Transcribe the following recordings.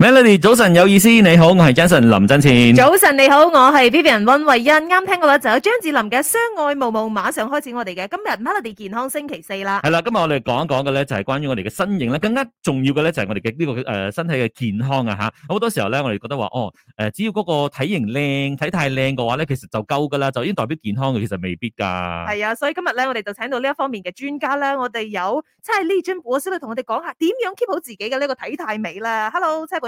Melody，早晨有意思，你好，我係 Jason 林振前，早晨你好，我係 Vivian 溫慧欣。啱聽嘅話就有張智霖嘅《相愛無夢》，馬上開始我哋嘅今日 Melody 健康星期四啦。係啦，今日我哋講一講嘅咧就係關於我哋嘅身形咧，更加重要嘅咧就係我哋嘅呢個誒身體嘅健康啊吓。好多時候咧我哋覺得話哦誒只要嗰個體型靚體態靚嘅話咧其實就夠噶啦，就已經代表健康嘅，其實未必噶。係啊，所以今日咧我哋就請到呢一方面嘅專家啦，我哋有 Charlie 張博士咧同我哋講下點樣 keep 好自己嘅呢個體態美啦。Hello，Charlie。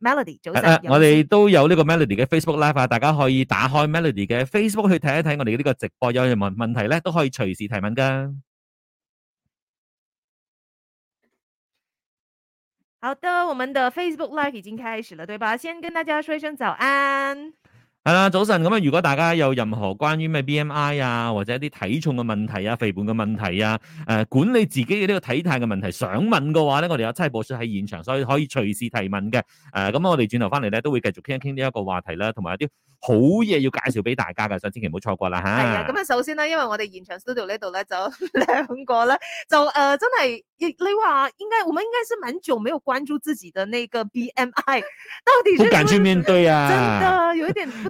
Melody，早晨、啊。我哋都有呢個 Melody 嘅 Facebook Live，、啊、大家可以打開 Melody 嘅 Facebook 去睇一睇我哋呢個直播，有任何問題呢都可以隨時提問㗎。好的，我們的 Facebook Live 已經開始了，對吧？先跟大家說一聲早安。係啦，早晨咁啊！如果大家有任何關於咩 B M I 啊，或者一啲體重嘅問題啊，肥胖嘅問題啊，誒、呃，管理自己嘅呢個體態嘅問題，想問嘅話咧，我哋有七位博士喺現場，所以可以隨時提問嘅。誒、呃，咁我哋轉頭翻嚟咧，都會繼續傾一傾呢一個話題啦，同埋有啲好嘢，要介紹俾大家嘅，所以千祈唔好錯過啦吓。係啊，咁啊，首先咧，因為我哋現場 studio 呢度咧，就兩個咧，就誒、呃，真係，你話應該我們應該是蠻久沒有關注自己的那個 B M I，到底不敢去面對啊，真嘅，有一點。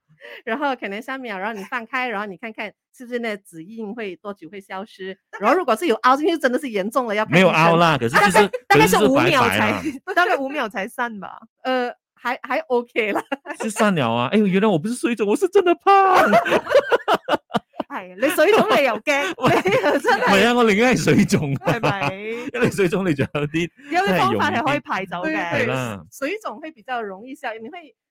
然後可能三秒、啊，然後你放開，然後你看看是不是那指印會多久會消失。然後如果是有凹進去，真的是嚴重了，要沒有凹啦，可是、就是啊啊、大概是 大概是五秒才大概五秒才散吧。 呃，還還 OK 啦，是散了啊！哎呦，原來我不是水腫，我是真的胖。哈哈哈哈哈。你水腫你有驚 哇，你 真沒、啊、我寧願水腫，係咪？因為水腫你仲有啲有啲方法係可以排走嘅。對，對，對，對啦，水腫會比較容易消，你會。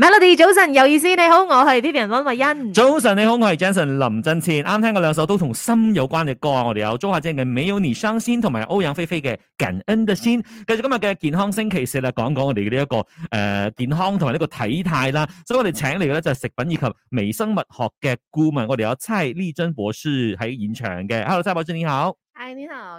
Melody，早晨有意思，你好，我係 Peter 溫慧欣。早晨你好，我係 Jason 林振前。啱聽過兩首都同心有關嘅歌啊，我哋有周華健嘅《美有你》、《傷心》同埋歐陽菲菲嘅《感恩的心》，繼續今日嘅健康星期四啊，講講我哋嘅呢一個誒、呃、健康同埋呢個體態啦。所以我哋請嚟嘅咧就係食品以及微生物學嘅顧問，我哋有蔡立珍博士喺現場嘅。Hello，蔡博士你好。Hi，你好。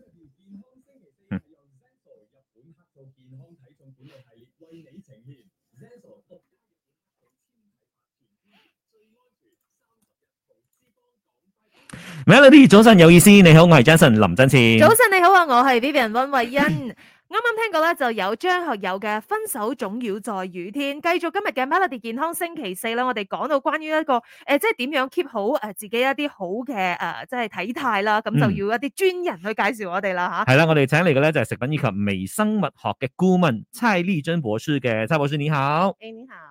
Melody 早晨有意思，你好，我係 Jason 林振善。早晨你好啊，我係 Vivian 溫慧欣。啱啱聽過咧，就有張學友嘅《分手總要在雨天》。繼續今日嘅 Melody 健康星期四啦，我哋講到關於一個誒，即係點樣 keep 好誒自己一啲好嘅誒，即係體態啦，咁就要一啲專人去介紹我哋啦吓。係啦，我哋請嚟嘅咧就係食品以及微生物學嘅顧問蔡麗珍博士嘅，蔡博士你好。你好。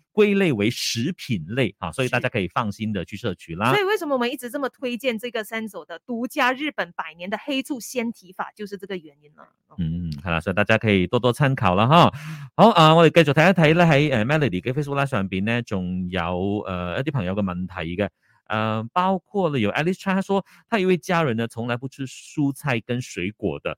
歸類為食品類啊，所以大家可以放心的去攝取啦。所以為什麼我們一直這麼推薦這個三 e 的獨家日本百年的黑醋先提法，就是這個原因呢，嗯，好啦，所以大家可以多多參考啦，哈。嗯、好啊、呃，我哋繼續睇一睇、呃、呢。喺 Melody 嘅 Facebook 拉上邊呢，仲有呃一啲朋友嘅問題嘅，嗯、呃，包括了有 Alice Chan，他說他一位家人呢，從來不吃蔬菜跟水果的。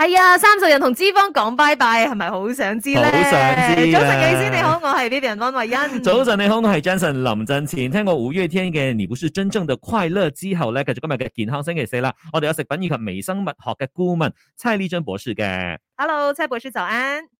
係、哎、啊，三十人同脂肪講拜拜，係咪好想知咧？好想知道。早晨，李先你好，我係 B B 人安慧欣。早晨，你好，我係 Jason 林振前。聽過五月天嘅《你不是真正的快樂》之後咧，繼續今日嘅健康星期四啦。我哋有食品以及微生物學嘅顧問蔡麗珍博士嘅。Hello，蔡博士早安。